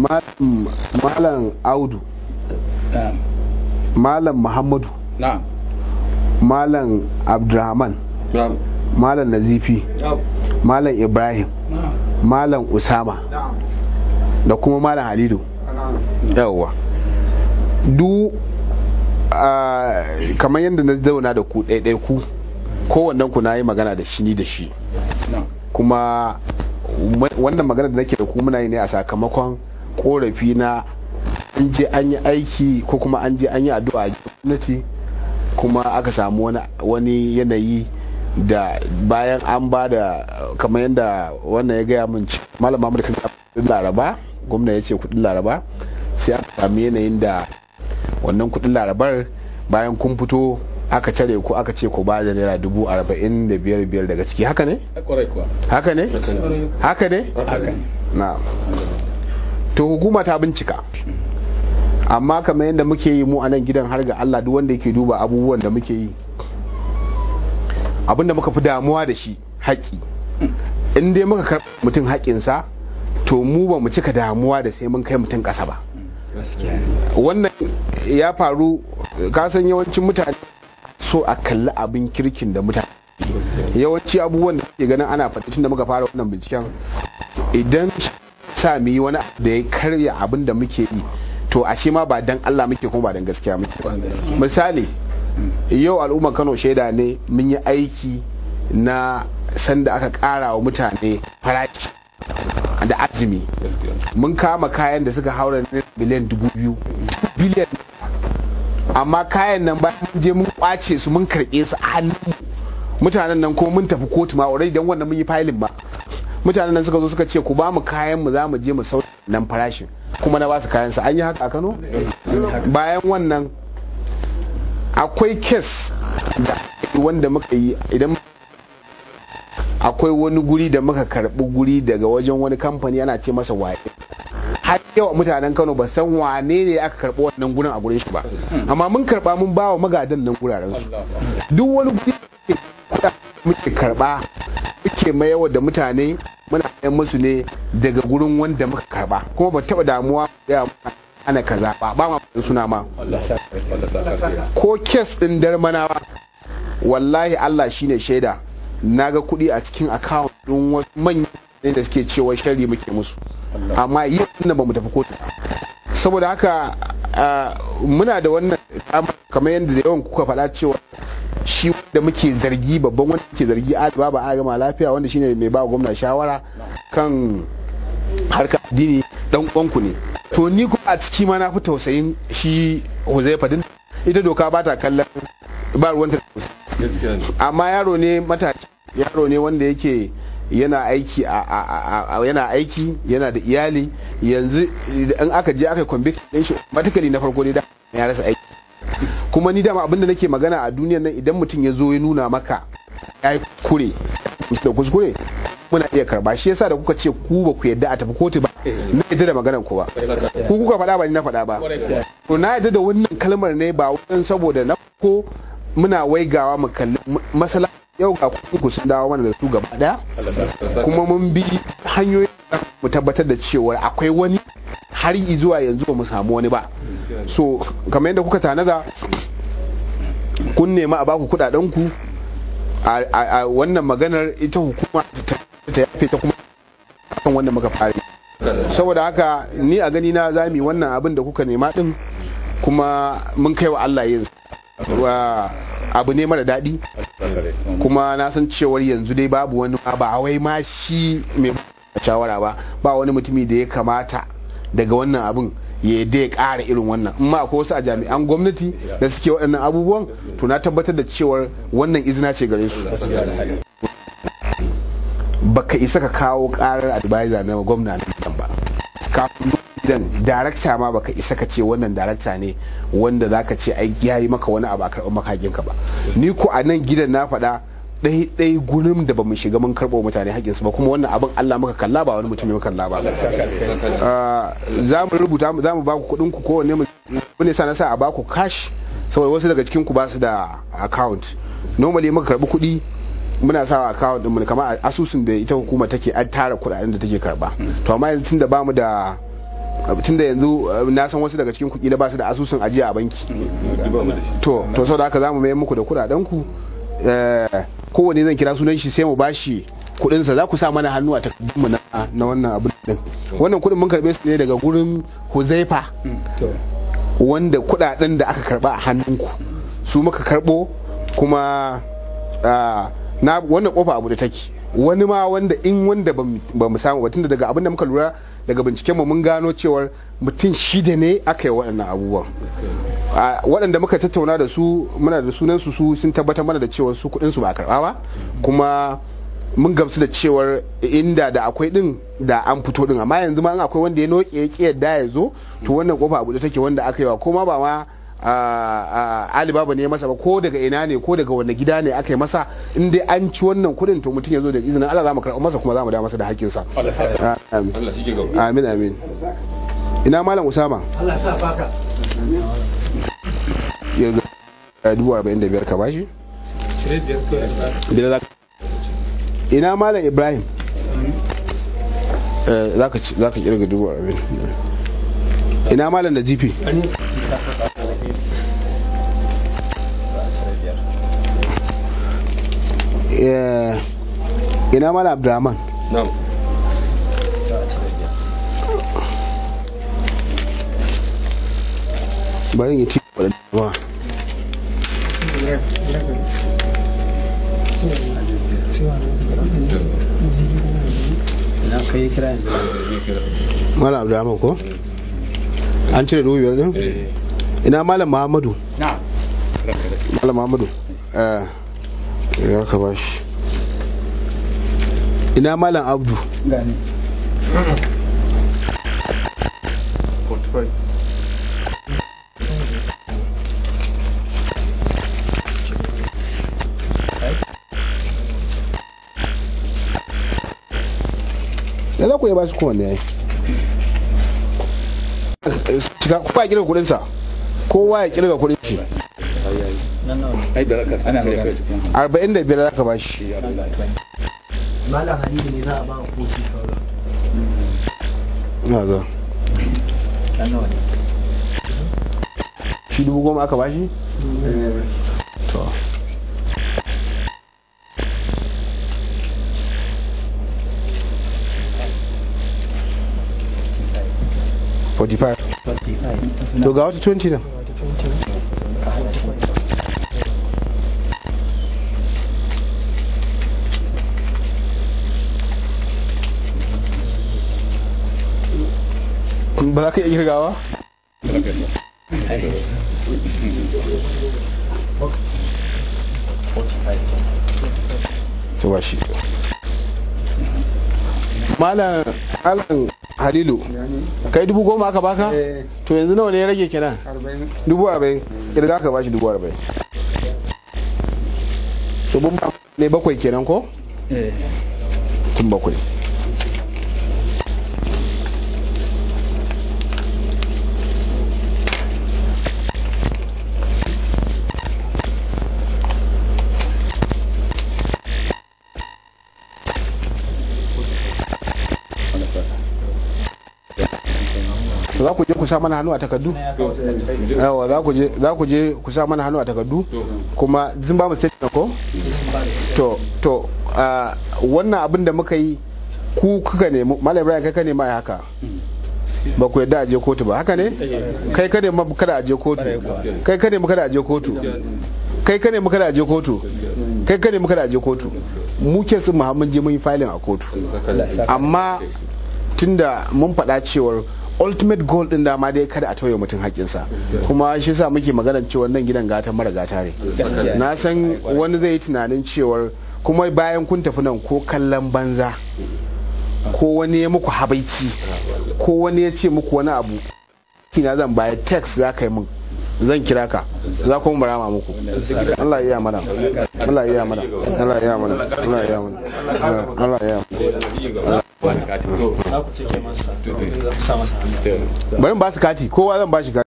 malam audu malam muhammadu malam abdurrahman malam nazifi malam ibrahim malam usama da kuma malam halidu yawwa du kamar yadda na zauna da ku ɗaiɗai ku kowannen ku na yi magana da shi ni da shi kuma wannan magana da nake da ku muna yi ne a sakamakon korafi na an je an yi aiki ko kuma an je an yi addu'a a gwamnati kuma aka samu wani yanayi da bayan an ba da kamar yadda wannan ya gaya min malam mamadu kan kudin laraba gwamna ya ce kudin laraba sai aka sami yanayin da wannan kudin larabar bayan kun fito aka tare ku aka ce ku ba da naira dubu arba'in da biyar biyar daga ciki haka ne haka ne haka ne haka ne na to hukuma ta bincika amma kamar yadda muke yi mu a nan gidan har ga Allah duk wanda yake duba abubuwan da muke yi abinda muka fi damuwa da shi haƙi in dai muka kar mutum haƙinsa to mu ba mu cika damuwa da sai mun kai mutum ƙasa ba wannan ya faru kasan yawancin mutane so a kalli abin kirkin da mutane yawanci abubuwan da ke ganin ana faɗi tun da muka fara wannan binciken idan sa mu yi wani da ya karya abin da muke yi to ashe ma ba dan Allah muke kuma ba dan gaskiya muke misali yau al'ummar Kano shaida ne mun yi aiki na sanda aka kara wa mutane farashi da azumi mun kama kayan da suka haura miliyan dubu biyu biliyan amma kayan nan bayan mun je mun kwace su mun karɓe su a hannun mutanen nan ko mun tafi kotu ma already dan wannan mun yi filin ma mutanen nan suka zo suka ce ku ba mu kayan mu za mu je mu sau nan farashin kuma na ba su kayan su an yi haka a Kano bayan wannan akwai kes da wanda muka yi idan akwai wani guri da muka karbi guri daga wajen wani kamfani ana ce masa waye har yawa mutanen Kano ba san wane ne aka karbi wannan gurin a gurin shi ba amma mun karba mun bawa magadan nan guraren su duk wani guri muke karba muke mayawa da mutane muna ɗayan musu ne daga gurin wanda muka karba kuma ba taɓa damuwa ya ana kaza ba ba ma suna ma ko kes ɗin darmanawa wallahi Allah shi ne shaida na ga kuɗi a cikin akawun ɗin wasu manyan da suke cewa shari muke musu amma yi nan ba mu tafi kotu saboda haka ah, muna da wannan kamar yadda da yawan kuka faɗa cewa da muke zargi babban wanda muke zargi ba ba a gama lafiya wanda shine mai ba gwamna shawara kan harka addini dan uwanku ne to ni kuma a ciki ma na fi tausayin shi Huzaifa fadin ita doka ba ta kallon ba ruwanta amma yaro ne matashi yaro ne wanda yake yana aiki yana aiki yana da iyali yanzu in aka je aka convict din shi matakali na farko ne da ya rasa aiki kuma ni dama abinda nake magana a duniyar nan idan mutum ya zo ya nuna maka ya yi kure da kuskure muna iya karba shi yasa da kuka ce ku ba ku yadda a tafi kotu ba na yadda da maganar ku ba ku kuka faɗa ba ni na faɗa ba to na yadda da wannan kalmar ne ba wajen saboda na ko muna waigawa mu kalli masala yau ga ku sun dawo mana da su gaba daya kuma mun bi hanyoyin mu tabbatar da cewa akwai wani har zuwa yanzu ba mu samu wani ba so kamar yadda kuka tanada kun nema a baku kudaden ku a wannan maganar ita hukuma ta yafe ta kuma kan wanda muka fara saboda haka ni a gani na zami wannan abin da kuka nema din kuma mun kai wa Allah yin abu ne mara daɗi kuma na san cewar yanzu dai babu wani ba wai ma shi mai shawara ba ba wani mutumi da ya kamata daga wannan abin ya dai ƙara irin wannan in ma akwai wasu a jami'an gwamnati da suke waɗannan abubuwan to na tabbatar da cewar wannan izina ce gare su baka isa ka kawo ƙarar advisor na gwamna nan ba kafin idan darakta ma baka isa ka ce wannan darakta ne wanda zaka ce ai yayi maka wani abu a karɓar makaginka ba ni ko a nan gidan na faɗa ɗaiɗai gurin da ba mu shiga mun karɓo mutane su ba kuma wannan abin Allah muka kalla ba wani mutum ya kalla ba ah, za mu rubuta za mu ba ku kuɗin ku kowanne mu ne sa na sa a ba ku cash saboda wasu daga cikin ku ba su da account normally muka karɓi kuɗi muna sawa account ɗin mu kamar asusun da ita hukuma take an tara kuɗaɗen da take karɓa to amma yanzu tunda ba mu da tun da yanzu eh, na san wasu daga cikin ku kila ba su da asusun ajiya a banki to to saboda haka za mu mai muku da kuɗaɗen ku eh, kowane zan kira sunan shi sai mu bashi kuɗin sa za ku sa mana hannu a takardunmu na na wannan abin din wannan kuɗin mun karbe su ne daga gurin Huzaifa wanda kuɗaɗen da aka karba a hannunku su muka karbo kuma na wannan kofa abu da take wani ma wanda in wanda ba mu samu ba tunda daga abin da muka lura daga binciken mu mun gano cewar mutum shida ne aka yi waɗannan abubuwan waɗanda muka tattauna da su muna da sunan su su sun tabbatar mana da cewa su kuɗin su ba karɓa ba kuma mun gamsu da cewar inda da akwai din da an fito din amma yanzu ma akwai wanda ya noke ya ƙi yadda ya zo to wannan kofa a buɗe take wanda aka yi wa ko ma ba ma alibaba ne masa ba ko daga ina ne ko daga wani gida ne aka yi masa in dai an ci wannan kudin to mutum ya zo da izinin Allah za mu karɓi masa kuma za mu da masa da hakkinsa. Amin amin. Ina malam Usama. Allah ya sa baka. ka bashi ina malam ibrahim eh, za ka kirga dubu arba'in ina malam da jifi eh, ina malam abdurrahman bari ya ci da kai kira yanzu malam abdulrahman ko an cire dubu biyar din eh. ina malam muhammadu malam muhammadu eh, ya ka bashi ina malam abdu gani ya ba shi ya yi shiga kuma ya kirga kudin sa kowa ya kirga kudin shi arba'in da biyar zaka ba shi malam halilu ne za a ba wa kofi sauran na za shi dubu goma aka ba shi 45 to ga wata 20 ba za ka iya girgawa? ba shi malam halilu kai dubu goma aka baka eh. to yanzu nawa ne ya rage kenan dubu arba'in kirga aka bashi dubu arba'in to bun ne bakwai kenan ko eh. tun bakwai ku sa mana hannu a takardu yawa za ku je za ku je ku sa mana hannu a takardu kuma zin ba mu da ko to to wannan abin da muka yi ku kuka nemi malam ibrahim kai ka nema ya haka ba ku yadda a je kotu ba haka ne kai ka nemi kada a je kotu kai ka nemi kada a je kotu kai ka nemi kada a je kotu kai ka nemi kada a je kotu mu kesin mu mun je mun yi filin a kotu amma tunda mun faɗa cewar ultimate goal din dama dai kada a tauye mutum haƙƙinsa kuma shi sa muke maganar cewa nan gidan gata mara gata ne na san wani zai yi tunanin cewar kuma bayan kun tafi nan ko kallon banza ko wani ya muku habaici ko wani ya ce muku wani abu kina zan bayar text za ka yi min zan kira ka za ku bara ma muku Allah ya mana Allah ya mana Allah ya mana Allah ya mana Allah ya mana bari ba su kati kowa zan ba shi kati